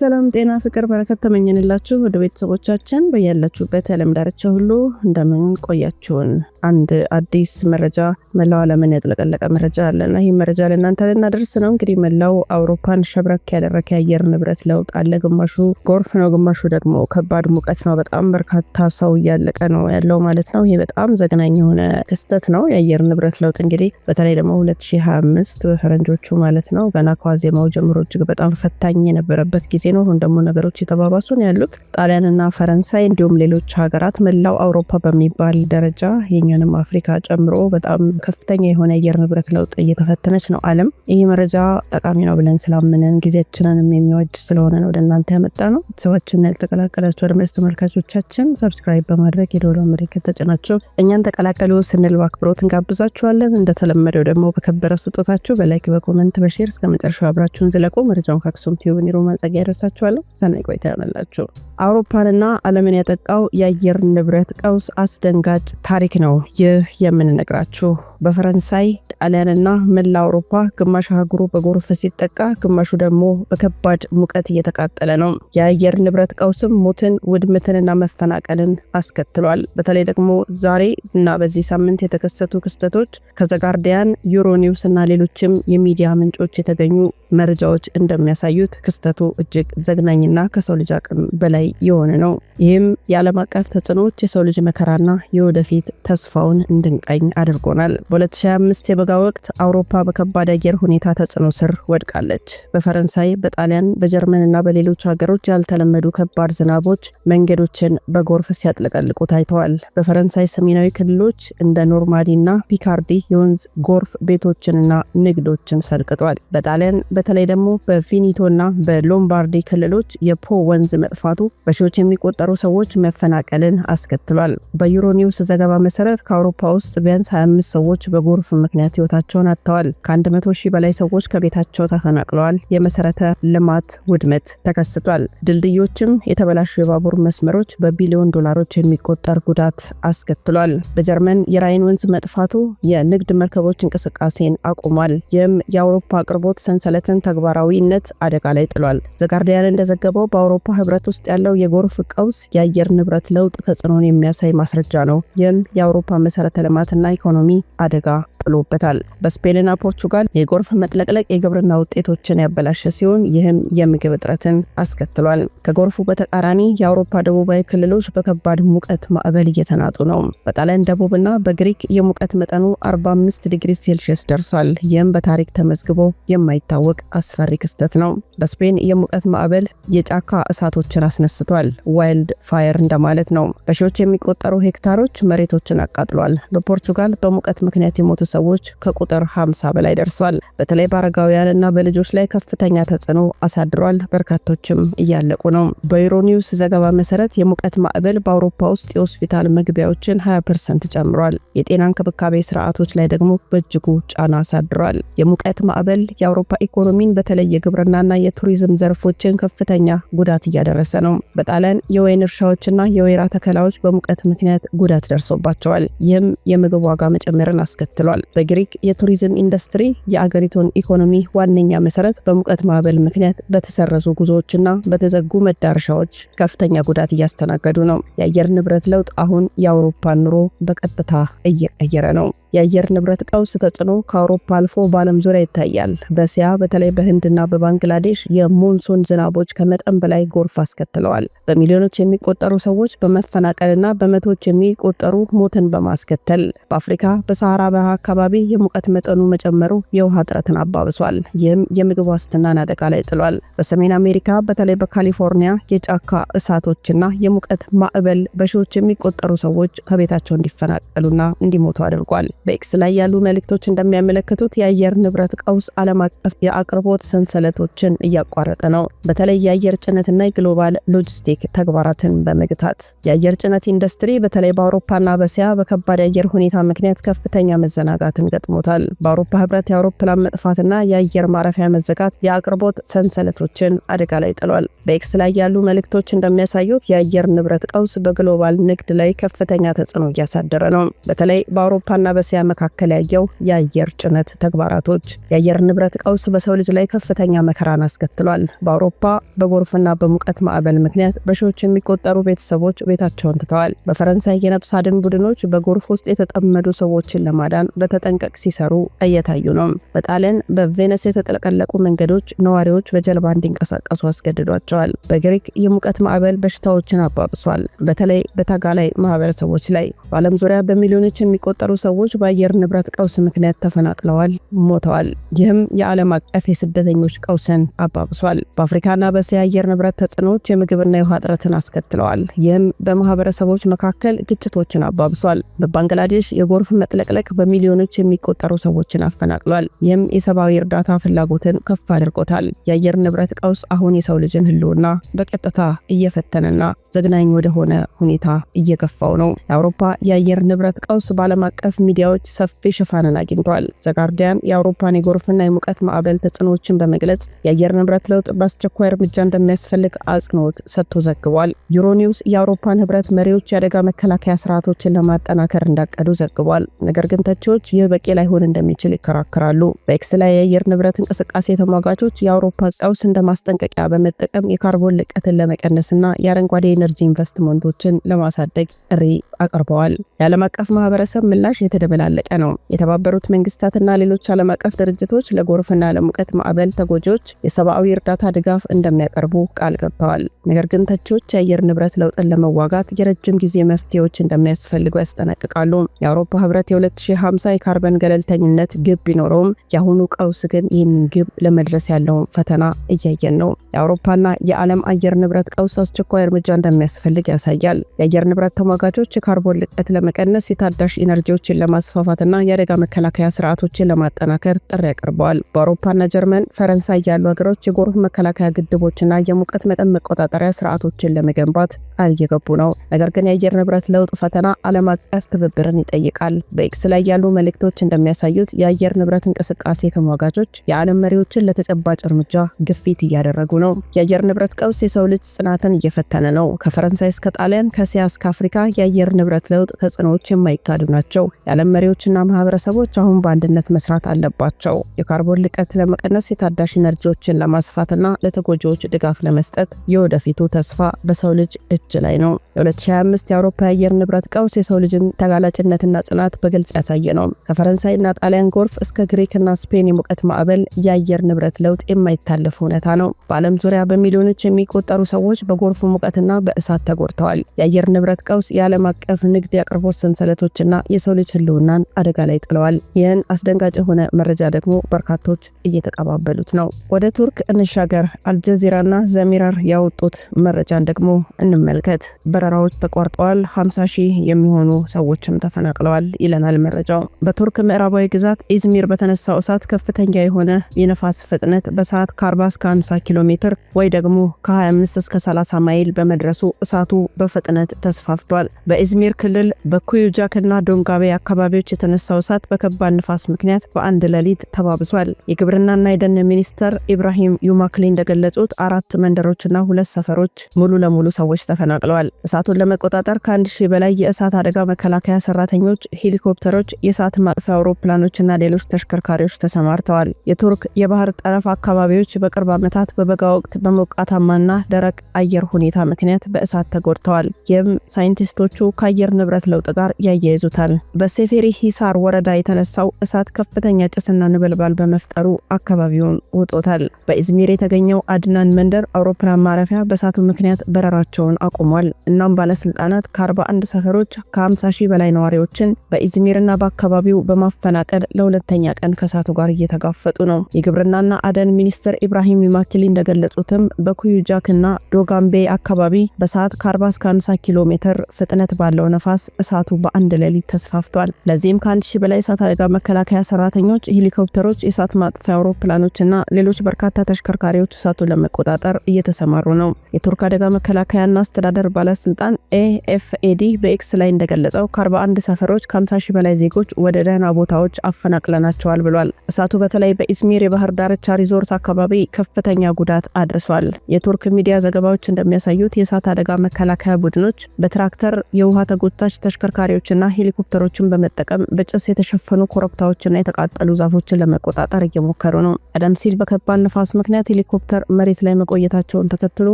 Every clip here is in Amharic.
ሰላም ጤና ፍቅር በረከት ተመኘንላችሁ ወደ ቤተሰቦቻችን በያላችሁበት ዓለም ዳርቻ ሁሉ እንደምን ቆያችሁን። አንድ አዲስ መረጃ መላው ዓለምን ያጥለቀለቀ መረጃ አለና ይህ መረጃ ለእናንተ ልናደርስ ነው። እንግዲህ መላው አውሮፓን ሸብረክ ያደረገ የአየር ንብረት ለውጥ አለ። ግማሹ ጎርፍ ነው፣ ግማሹ ደግሞ ከባድ ሙቀት ነው። በጣም በርካታ ሰው እያለቀ ነው ያለው ማለት ነው። ይህ በጣም ዘግናኝ የሆነ ክስተት ነው። የአየር ንብረት ለውጥ እንግዲህ በተለይ ደግሞ 2025 በፈረንጆቹ ማለት ነው ገና ከዋዜማው ጀምሮ እጅግ በጣም ፈታኝ የነበረበት ጊዜ ነው አሁን ደግሞ ነገሮች የተባባሱ ነው ያሉት። ጣሊያንና ፈረንሳይ እንዲሁም ሌሎች ሀገራት መላው አውሮፓ በሚባል ደረጃ የኛንም አፍሪካ ጨምሮ በጣም ከፍተኛ የሆነ የአየር ንብረት ለውጥ እየተፈተነች ነው ዓለም። ይህ መረጃ ጠቃሚ ነው ብለን ስላምንን ጊዜያችንንም የሚወድ ስለሆነ ነው ወደ እናንተ ያመጣ ነው። ሰዎችን ያልተቀላቀላቸው አድማጭ ተመልካቾቻችን ሰብስክራይብ በማድረግ የደወል ምልክት ተጭናቸው እኛን ተቀላቀሉ ስንል በአክብሮት እንጋብዛችኋለን። እንደተለመደው ደግሞ በከበረ ስጦታችሁ በላይክ በኮመንት በሼር እስከ መጨረሻው አብራችሁን ዝለቁ። መረጃውን ከአክሱም ቲዩብ ኒሮ ማንጸጊያ አደርሳችኋለሁ። ሰናይ ቆይታ ይሆንላችሁ። አውሮፓንና ዓለምን ያጠቃው የአየር ንብረት ቀውስ አስደንጋጭ ታሪክ ነው ይህ የምንነግራችሁ። በፈረንሳይ ጣሊያንና መላ አውሮፓ ግማሽ አህጉሩ በጎርፍ ሲጠቃ፣ ግማሹ ደግሞ በከባድ ሙቀት እየተቃጠለ ነው። የአየር ንብረት ቀውስም ሞትን፣ ውድምትንና መፈናቀልን አስከትሏል። በተለይ ደግሞ ዛሬ እና በዚህ ሳምንት የተከሰቱ ክስተቶች ከዘጋርዲያን ዩሮኒውስ እና ሌሎችም የሚዲያ ምንጮች የተገኙ መረጃዎች እንደሚያሳዩት ክስተቱ እጅግ ዘግናኝና ከሰው ልጅ አቅም በላይ የሆነ ነው። ይህም የዓለም አቀፍ ተጽዕኖዎች የሰው ልጅ መከራና የወደፊት ተስፋውን እንድንቀኝ አድርጎናል። በ2025 የበጋ ወቅት አውሮፓ በከባድ አየር ሁኔታ ተጽዕኖ ስር ወድቃለች። በፈረንሳይ፣ በጣሊያን፣ በጀርመንና በሌሎች ሀገሮች ያልተለመዱ ከባድ ዝናቦች መንገዶችን በጎርፍ ሲያጥለቀልቁ ታይተዋል። በፈረንሳይ ሰሜናዊ ክልሎች እንደ ኖርማንዲና ፒካርዲ የወንዝ ጎርፍ ቤቶችንና ንግዶችን ሰልቅጧል። በጣሊያን በተለይ ደግሞ በቪኔቶና በሎምባርዲ ክልሎች የፖ ወንዝ መጥፋቱ በሺዎች የሚቆጠሩ የተፈጠሩ ሰዎች መፈናቀልን አስከትሏል። በዩሮኒውስ ዘገባ መሰረት ከአውሮፓ ውስጥ ቢያንስ 25 ሰዎች በጎርፍ ምክንያት ህይወታቸውን አጥተዋል። ከ100 ሺህ በላይ ሰዎች ከቤታቸው ተፈናቅለዋል። የመሰረተ ልማት ውድመት ተከስቷል። ድልድዮችም፣ የተበላሹ የባቡር መስመሮች በቢሊዮን ዶላሮች የሚቆጠር ጉዳት አስከትሏል። በጀርመን የራይን ወንዝ መጥፋቱ የንግድ መርከቦች እንቅስቃሴን አቁሟል። ይህም የአውሮፓ አቅርቦት ሰንሰለትን ተግባራዊነት አደጋ ላይ ጥሏል። ዘጋርዲያን እንደዘገበው በአውሮፓ ህብረት ውስጥ ያለው የጎርፍ ቀውስ ቀውስ የአየር ንብረት ለውጥ ተጽዕኖን የሚያሳይ ማስረጃ ነው። ይህም የአውሮፓ መሰረተ ልማትና ኢኮኖሚ አደጋ ጥሎበታል። በስፔንና ፖርቹጋል የጎርፍ መጥለቅለቅ የግብርና ውጤቶችን ያበላሸ ሲሆን ይህም የምግብ እጥረትን አስከትሏል። ከጎርፉ በተቃራኒ የአውሮፓ ደቡባዊ ክልሎች በከባድ ሙቀት ማዕበል እየተናጡ ነው። በጣሊያን ደቡብና በግሪክ የሙቀት መጠኑ 45 ዲግሪ ሴልሺየስ ደርሷል። ይህም በታሪክ ተመዝግቦ የማይታወቅ አስፈሪ ክስተት ነው። በስፔን የሙቀት ማዕበል የጫካ እሳቶችን አስነስቷል። ዋይልድ ፋየር እንደማለት ነው። በሺዎች የሚቆጠሩ ሄክታሮች መሬቶችን አቃጥሏል። በፖርቱጋል በሙቀት ምክንያት የሞቱ ሰዎች ከቁጥር 50 በላይ ደርሷል። በተለይ በአረጋውያን እና በልጆች ላይ ከፍተኛ ተጽዕኖ አሳድሯል። በርካቶችም እያለቁ ነው። በዩሮኒውስ ዘገባ መሰረት የሙቀት ማዕበል በአውሮፓ ውስጥ የሆስፒታል መግቢያዎችን 20 ፐርሰንት ጨምሯል። የጤና እንክብካቤ ስርዓቶች ላይ ደግሞ በእጅጉ ጫና አሳድሯል። የሙቀት ማዕበል የአውሮፓ ኢኮኖሚን በተለይ የግብርናና የቱሪዝም ዘርፎችን ከፍተኛ ጉዳት እያደረሰ ነው። በጣሊያን የወይን እርሻዎችና የወይራ ተከላዎች በሙቀት ምክንያት ጉዳት ደርሶባቸዋል። ይህም የምግብ ዋጋ መጨመርን አስከትሏል። በግሪክ የቱሪዝም ኢንዱስትሪ የአገሪቱን ኢኮኖሚ ዋነኛ መሰረት በሙቀት ማዕበል ምክንያት በተሰረዙ ጉዞዎችና በተዘጉ መዳረሻዎች ከፍተኛ ጉዳት እያስተናገዱ ነው። የአየር ንብረት ለውጥ አሁን የአውሮፓን ኑሮ በቀጥታ እየቀየረ ነው። የአየር ንብረት ቀውስ ተጽዕኖ ከአውሮፓ አልፎ በዓለም ዙሪያ ይታያል። በእስያ በተለይ በህንድና በባንግላዴሽ የሞንሱን ዝናቦች ከመጠን በላይ ጎርፍ አስከትለዋል። በሚሊዮኖች የሚቆጠሩ ሰዎች በመፈናቀልና በመቶዎች የሚቆጠሩ ሞትን በማስከተል በአፍሪካ በሰሃራ በረሃ አካባቢ የሙቀት መጠኑ መጨመሩ የውሃ እጥረትን አባብሷል። ይህም የምግብ ዋስትናን አደጋ ላይ ጥሏል። በሰሜን አሜሪካ በተለይ በካሊፎርኒያ የጫካ እሳቶችና የሙቀት ማዕበል በሺዎች የሚቆጠሩ ሰዎች ከቤታቸው እንዲፈናቀሉና እንዲሞቱ አድርጓል። በኤክስ ላይ ያሉ መልእክቶች እንደሚያመለክቱት የአየር ንብረት ቀውስ ዓለም አቀፍ የአቅርቦት ሰንሰለቶችን እያቋረጠ ነው። በተለይ የአየር ጭነትና የግሎባል ሎጂስቲክ ተግባራትን በመግታት የአየር ጭነት ኢንዱስትሪ በተለይ በአውሮፓና በእስያ በከባድ የአየር ሁኔታ ምክንያት ከፍተኛ መዘናጋትን ገጥሞታል። በአውሮፓ ህብረት የአውሮፕላን መጥፋትና የአየር ማረፊያ መዘጋት የአቅርቦት ሰንሰለቶችን አደጋ ላይ ጥሏል። በኤክስ ላይ ያሉ መልእክቶች እንደሚያሳዩት የአየር ንብረት ቀውስ በግሎባል ንግድ ላይ ከፍተኛ ተጽዕኖ እያሳደረ ነው። በተለይ በአውሮፓና በእስያ በእስያ መካከል ያየው የአየር ጭነት ተግባራቶች የአየር ንብረት ቀውስ በሰው ልጅ ላይ ከፍተኛ መከራን አስከትሏል። በአውሮፓ በጎርፍና በሙቀት ማዕበል ምክንያት በሺዎች የሚቆጠሩ ቤተሰቦች ቤታቸውን ትተዋል። በፈረንሳይ የነፍስ አድን ቡድኖች በጎርፍ ውስጥ የተጠመዱ ሰዎችን ለማዳን በተጠንቀቅ ሲሰሩ እየታዩ ነው። በጣሊያን በቬነስ የተጠለቀለቁ መንገዶች ነዋሪዎች በጀልባ እንዲንቀሳቀሱ አስገድዷቸዋል። በግሪክ የሙቀት ማዕበል በሽታዎችን አባብሷል፣ በተለይ በታጋላይ ማህበረሰቦች ላይ። በዓለም ዙሪያ በሚሊዮኖች የሚቆጠሩ ሰዎች በአየር ንብረት ቀውስ ምክንያት ተፈናቅለዋል፣ ሞተዋል። ይህም የዓለም አቀፍ የስደተኞች ቀውስን አባብሷል። በአፍሪካና በእስያ የአየር ንብረት ተጽዕኖዎች የምግብና የውሃ እጥረትን አስከትለዋል። ይህም በማህበረሰቦች መካከል ግጭቶችን አባብሷል። በባንግላዴሽ የጎርፍ መጥለቅለቅ በሚሊዮኖች የሚቆጠሩ ሰዎችን አፈናቅሏል። ይህም የሰብአዊ እርዳታ ፍላጎትን ከፍ አድርጎታል። የአየር ንብረት ቀውስ አሁን የሰው ልጅን ህልውና በቀጥታ እየፈተነና ዘግናኝ ወደሆነ ሁኔታ እየገፋው ነው። የአውሮፓ የአየር ንብረት ቀውስ በዓለም አቀፍ ሚዲያዎች መረጃዎች ሰፊ ሽፋንን አግኝተዋል። ዘጋርዲያን የአውሮፓን የጎርፍና የሙቀት ማዕበል ተጽዕኖዎችን በመግለጽ የአየር ንብረት ለውጥ በአስቸኳይ እርምጃ እንደሚያስፈልግ አጽንኦት ሰጥቶ ዘግቧል። ዩሮኒውስ የአውሮፓን ህብረት መሪዎች የአደጋ መከላከያ ስርዓቶችን ለማጠናከር እንዳቀዱ ዘግቧል። ነገር ግን ተቺዎች ይህ በቂ ላይሆን እንደሚችል ይከራከራሉ። በኤክስ ላይ የአየር ንብረት እንቅስቃሴ ተሟጋቾች የአውሮፓ ቀውስ እንደ ማስጠንቀቂያ በመጠቀም የካርቦን ልቀትን ለመቀነስና የአረንጓዴ ኤነርጂ ኢንቨስትመንቶችን ለማሳደግ ጥሪ አቅርበዋል። የዓለም አቀፍ ማህበረሰብ ምላሽ የተደበላለቀ ነው። የተባበሩት መንግስታትና ሌሎች ዓለም አቀፍ ድርጅቶች ለጎርፍና ለሙቀት ማዕበል ተጎጂዎች የሰብአዊ እርዳታ ድጋፍ እንደሚያቀርቡ ቃል ገብተዋል። ነገር ግን ተቺዎች የአየር ንብረት ለውጥን ለመዋጋት የረጅም ጊዜ መፍትሄዎች እንደሚያስፈልጉ ያስጠነቅቃሉ። የአውሮፓ ህብረት የ2050 የካርበን ገለልተኝነት ግብ ቢኖረውም የአሁኑ ቀውስ ግን ይህንን ግብ ለመድረስ ያለውን ፈተና እያየን ነው። የአውሮፓና የዓለም አየር ንብረት ቀውስ አስቸኳይ እርምጃ እንደሚያስፈልግ ያሳያል። የአየር ንብረት ተሟጋቾች የካርቦን ልቀት ለመቀነስ የታዳሽ ኢነርጂዎችን ለማስፋፋትና የአደጋ መከላከያ ስርዓቶችን ለማጠናከር ጥሪ ያቀርበዋል። በአውሮፓና ጀርመን፣ ፈረንሳይ ያሉ ሀገሮች የጎርፍ መከላከያ ግድቦችና የሙቀት መጠን መቆጣጠሪያ ስርዓቶችን ለመገንባት ቃል እየገቡ ነው። ነገር ግን የአየር ንብረት ለውጥ ፈተና ዓለም አቀፍ ትብብርን ይጠይቃል። በኤክስ ላይ ያሉ መልእክቶች እንደሚያሳዩት የአየር ንብረት እንቅስቃሴ ተሟጋቾች የዓለም መሪዎችን ለተጨባጭ እርምጃ ግፊት እያደረጉ ነው። የአየር ንብረት ቀውስ የሰው ልጅ ጽናትን እየፈተነ ነው። ከፈረንሳይ እስከ ጣሊያን፣ ከእስያ እስከ አፍሪካ የአየር ንብረት ለውጥ ተጽዕኖዎች የማይካዱ ናቸው። የዓለም መሪዎችና ማህበረሰቦች አሁን በአንድነት መስራት አለባቸው። የካርቦን ልቀት ለመቀነስ፣ የታዳሽ ኢነርጂዎችን ለማስፋትና ለተጎጂዎች ድጋፍ ለመስጠት የወደፊቱ ተስፋ በሰው ልጅ እጅ ላይ ነው። የ2025 የአውሮፓ የአየር ንብረት ቀውስ የሰው ልጅን ተጋላጭነትና ጽናት በግልጽ ያሳየ ነው። ከፈረንሳይና ጣሊያን ጎርፍ እስከ ግሪክና ስፔን የሙቀት ማዕበል የአየር ንብረት ለውጥ የማይታለፍ እውነታ ነው። በዓለም ዙሪያ በሚሊዮኖች የሚቆጠሩ ሰዎች በጎርፉ ሙቀትና በእሳት ተጎድተዋል። የአየር ንብረት ቀውስ የዓለም አቀፍ ንግድ የአቅርቦት ሰንሰለቶችና የሰው ልጅ ህልውናን አደጋ ላይ ጥለዋል። ይህን አስደንጋጭ የሆነ መረጃ ደግሞ በርካቶች እየተቀባበሉት ነው። ወደ ቱርክ እንሻገር። አልጀዚራና ዘሚራር ያወጡት መረጃን ደግሞ እንመልከት። በረራዎች ተቋርጠዋል፣ 50 ሺህ የሚሆኑ ሰዎችም ተፈናቅለዋል ይለናል መረጃው። በቱርክ ምዕራባዊ ግዛት ኢዝሚር በተነሳው እሳት ከፍተኛ የሆነ የነፋስ ፍጥነት በሰዓት ከ40 እስከ 50 ኪሎ ሜትር ወይ ደግሞ ከ25 እስከ 30 ማይል በመድረሱ እሳቱ በፍጥነት ተስፋፍቷል። በኢዝ በአዝሜር ክልል በኩዩጃክና ዶንጋቤ አካባቢዎች የተነሳው እሳት በከባድ ንፋስ ምክንያት በአንድ ሌሊት ተባብሷል። የግብርናና የደን ሚኒስተር ኢብራሂም ዩማክሊ እንደገለጹት አራት መንደሮችና ሁለት ሰፈሮች ሙሉ ለሙሉ ሰዎች ተፈናቅለዋል። እሳቱን ለመቆጣጠር ከአንድ ሺህ በላይ የእሳት አደጋ መከላከያ ሰራተኞች፣ ሄሊኮፕተሮች፣ የእሳት ማጥፊያ አውሮፕላኖችና ሌሎች ተሽከርካሪዎች ተሰማርተዋል። የቱርክ የባህር ጠረፍ አካባቢዎች በቅርብ ዓመታት በበጋ ወቅት በሞቃታማና ደረቅ አየር ሁኔታ ምክንያት በእሳት ተጎድተዋል። ይህም ሳይንቲስቶቹ ከአየር ንብረት ለውጥ ጋር ያያይዙታል። በሴፌሪ ሂሳር ወረዳ የተነሳው እሳት ከፍተኛ ጭስና ንበልባል በመፍጠሩ አካባቢውን ውጦታል። በኢዝሚር የተገኘው አድናን መንደር አውሮፕላን ማረፊያ በእሳቱ ምክንያት በረራቸውን አቁሟል። እናም ባለስልጣናት ከ41 ሰፈሮች ከ50 ሺህ በላይ ነዋሪዎችን በኢዝሚርና በአካባቢው በማፈናቀል ለሁለተኛ ቀን ከእሳቱ ጋር እየተጋፈጡ ነው። የግብርናና አደን ሚኒስትር ኢብራሂም ማኪሊ እንደገለጹትም በኩዩጃክና ዶጋምቤ አካባቢ በሰዓት ከ40 እስከ 50 ኪሎ ሜትር ፍጥነት ባለ ያለው ነፋስ እሳቱ በአንድ ሌሊት ተስፋፍቷል። ለዚህም ከአንድ ሺህ በላይ እሳት አደጋ መከላከያ ሰራተኞች፣ ሄሊኮፕተሮች፣ የእሳት ማጥፊያ አውሮፕላኖች እና ሌሎች በርካታ ተሽከርካሪዎች እሳቱን ለመቆጣጠር እየተሰማሩ ነው። የቱርክ አደጋ መከላከያና አስተዳደር ባለስልጣን ኤኤፍኤዲ በኤክስ ላይ እንደገለጸው ከ41 ሰፈሮች ከ50 ሺህ በላይ ዜጎች ወደ ደህና ቦታዎች አፈናቅለናቸዋል ብሏል። እሳቱ በተለይ በኢዝሚር የባህር ዳርቻ ሪዞርት አካባቢ ከፍተኛ ጉዳት አድርሷል። የቱርክ ሚዲያ ዘገባዎች እንደሚያሳዩት የእሳት አደጋ መከላከያ ቡድኖች በትራክተር የውሃ ተጎታች ተሽከርካሪዎችና ሄሊኮፕተሮችን በመጠቀም በጭስ የተሸፈኑ ኮረብታዎችና የተቃጠሉ ዛፎችን ለመቆጣጠር እየሞከሩ ነው። ቀደም ሲል በከባድ ነፋስ ምክንያት ሄሊኮፕተር መሬት ላይ መቆየታቸውን ተከትሎ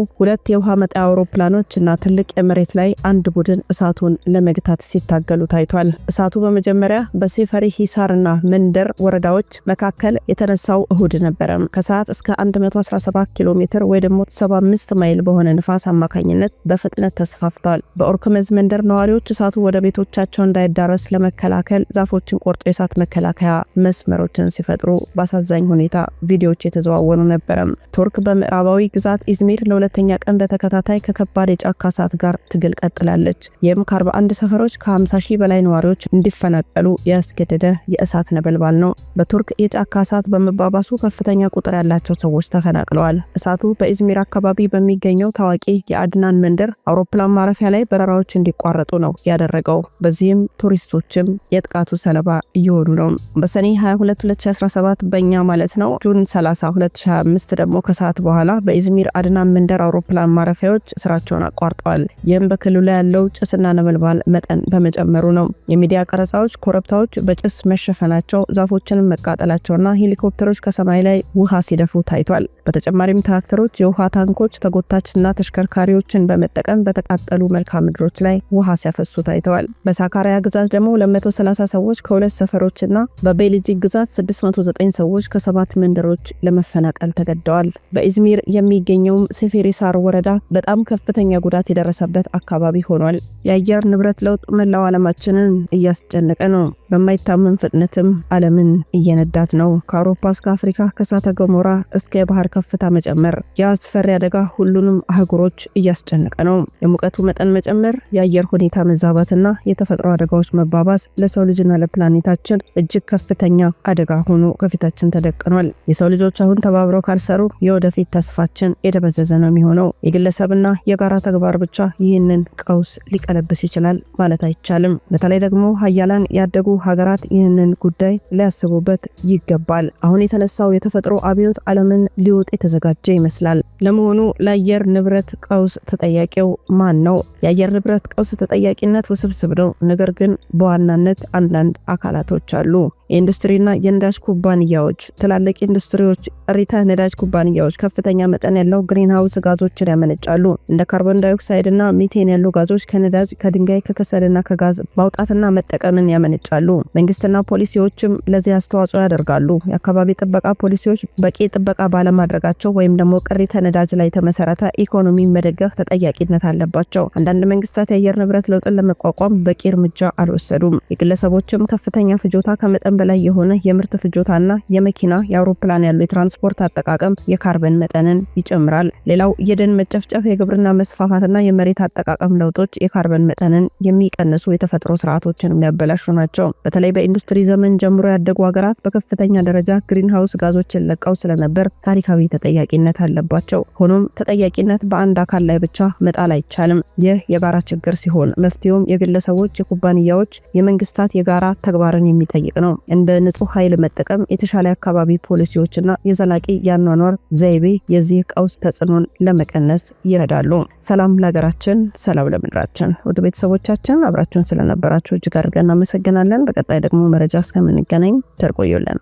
ሁለት የውሃ መጣያ አውሮፕላኖች እና ትልቅ የመሬት ላይ አንድ ቡድን እሳቱን ለመግታት ሲታገሉ ታይቷል። እሳቱ በመጀመሪያ በሴፈሪ ሂሳርና መንደር ወረዳዎች መካከል የተነሳው እሁድ ነበረ። ከሰዓት እስከ 117 ኪሎ ሜትር ወይ ደግሞ 75 ማይል በሆነ ንፋስ አማካኝነት በፍጥነት ተስፋፍቷል። በኦርክመዝ መንደር ነዋ ነዋሪዎች እሳቱ ወደ ቤቶቻቸው እንዳይዳረስ ለመከላከል ዛፎችን ቆርጦ የእሳት መከላከያ መስመሮችን ሲፈጥሩ በአሳዛኝ ሁኔታ ቪዲዮዎች የተዘዋወሩ ነበረ። ቱርክ በምዕራባዊ ግዛት ኢዝሚር ለሁለተኛ ቀን በተከታታይ ከከባድ የጫካ እሳት ጋር ትግል ቀጥላለች። ይህም ከ41 ሰፈሮች ከ50 ሺህ በላይ ነዋሪዎች እንዲፈናቀሉ ያስገደደ የእሳት ነበልባል ነው። በቱርክ የጫካ እሳት በመባባሱ ከፍተኛ ቁጥር ያላቸው ሰዎች ተፈናቅለዋል። እሳቱ በኢዝሚር አካባቢ በሚገኘው ታዋቂ የአድናን መንደር አውሮፕላን ማረፊያ ላይ በረራዎች እንዲቋረጥ እንዲቋረጡ ነው ያደረገው። በዚህም ቱሪስቶችም የጥቃቱ ሰለባ እየሆኑ ነው። በሰኔ 22 2017 በእኛ ማለት ነው ጁን 30 2025 ደግሞ ከሰዓት በኋላ በኢዝሚር አድና መንደር አውሮፕላን ማረፊያዎች ስራቸውን አቋርጠዋል። ይህም በክልሉ ላይ ያለው ጭስና ነበልባል መጠን በመጨመሩ ነው። የሚዲያ ቀረጻዎች ኮረብታዎች በጭስ መሸፈናቸው፣ ዛፎችንም መቃጠላቸውና ሄሊኮፕተሮች ከሰማይ ላይ ውሃ ሲደፉ ታይቷል። በተጨማሪም ትራክተሮች የውሃ ታንኮች፣ ተጎታችና ተሽከርካሪዎችን በመጠቀም በተቃጠሉ መልክዓ ምድሮች ላይ ውሃ ሲያፈሱ ታይተዋል። በሳካሪያ ግዛት ደግሞ 230 ሰዎች ከሁለት ሰፈሮችና በቤልጂክ ግዛት 609 ሰዎች ከሰባት መንደሮች ለመፈናቀል ተገደዋል። በኢዝሚር የሚገኘውም ሴፌሪሳር ወረዳ በጣም ከፍተኛ ጉዳት የደረሰበት አካባቢ ሆኗል። የአየር ንብረት ለውጥ መላው ዓለማችንን እያስጨነቀ ነው። በማይታመን ፍጥነትም ዓለምን እየነዳት ነው። ከአውሮፓ እስከ አፍሪካ ከእሳተ ገሞራ እስከ የባህር ከፍታ መጨመር የአስፈሪ አደጋ ሁሉንም አህጉሮች እያስጨነቀ ነው። የሙቀቱ መጠን መጨመር፣ የአየር ሁኔታ መዛባትና የተፈጥሮ አደጋዎች መባባስ ለሰው ልጅና ለፕላኔታችን እጅግ ከፍተኛ አደጋ ሆኖ ከፊታችን ተደቅኗል። የሰው ልጆች አሁን ተባብረው ካልሰሩ የወደፊት ተስፋችን የደበዘዘ ነው የሚሆነው። የግለሰብና የጋራ ተግባር ብቻ ይህንን ቀውስ ሊቀለብስ ይችላል ማለት አይቻልም። በተለይ ደግሞ ሀያላን ያደጉ ሀገራት ይህንን ጉዳይ ሊያስቡበት ይገባል። አሁን የተነሳው የተፈጥሮ አብዮት ዓለምን ሊወ ሊሮጥ የተዘጋጀ ይመስላል። ለመሆኑ ለአየር ንብረት ቀውስ ተጠያቂው ማን ነው? የአየር ንብረት ቀውስ ተጠያቂነት ውስብስብ ነው። ነገር ግን በዋናነት አንዳንድ አካላቶች አሉ። የኢንዱስትሪና የነዳጅ ኩባንያዎች ትላልቅ ኢንዱስትሪዎች እሪተ ነዳጅ ኩባንያዎች ከፍተኛ መጠን ያለው ግሪንሃውስ ጋዞችን ያመነጫሉ። እንደ ካርቦን ዳይኦክሳይድና ሚቴን ያሉ ጋዞች ከነዳጅ ከድንጋይ ከከሰልና ከጋዝ ማውጣትና መጠቀምን ያመነጫሉ። መንግስትና ፖሊሲዎችም ለዚህ አስተዋጽኦ ያደርጋሉ። የአካባቢ ጥበቃ ፖሊሲዎች በቂ ጥበቃ ባለማድረጋቸው ወይም ደግሞ ቅሪተ ነዳጅ ላይ የተመሰረተ ኢኮኖሚ መደገፍ ተጠያቂነት አለባቸው። አንዳንድ መንግስታት የአየር ንብረት ለውጥን ለመቋቋም በቂ እርምጃ አልወሰዱም። የግለሰቦችም ከፍተኛ ፍጆታ ከመጠን በላይ የሆነ የምርት ፍጆታና የመኪና የአውሮፕላን ያሉ የትራንስፖርት አጠቃቀም የካርበን መጠንን ይጨምራል። ሌላው የደን መጨፍጨፍ፣ የግብርና መስፋፋትና የመሬት አጠቃቀም ለውጦች የካርበን መጠንን የሚቀንሱ የተፈጥሮ ስርዓቶችን የሚያበላሹ ናቸው። በተለይ በኢንዱስትሪ ዘመን ጀምሮ ያደጉ ሀገራት በከፍተኛ ደረጃ ግሪንሃውስ ጋዞችን ለቀው ስለነበር ታሪካዊ ተጠያቂነት አለባቸው። ሆኖም ተጠያቂነት በአንድ አካል ላይ ብቻ መጣል አይቻልም። ይህ የጋራ ችግር ሲሆን መፍትሄውም የግለሰቦች፣ የኩባንያዎች፣ የመንግስታት የጋራ ተግባርን የሚጠይቅ ነው። እንደ ንጹህ ኃይል መጠቀም፣ የተሻለ አካባቢ ፖሊሲዎችና የዘላቂ የአኗኗር ዘይቤ የዚህ ቀውስ ተጽዕኖን ለመቀነስ ይረዳሉ። ሰላም ለሀገራችን፣ ሰላም ለምድራችን። ውድ ቤተሰቦቻችን አብራችሁን ስለነበራችሁ እጅግ አድርገን እናመሰግናለን። በቀጣይ ደግሞ መረጃ እስከምንገናኝ ተርቆዩልን።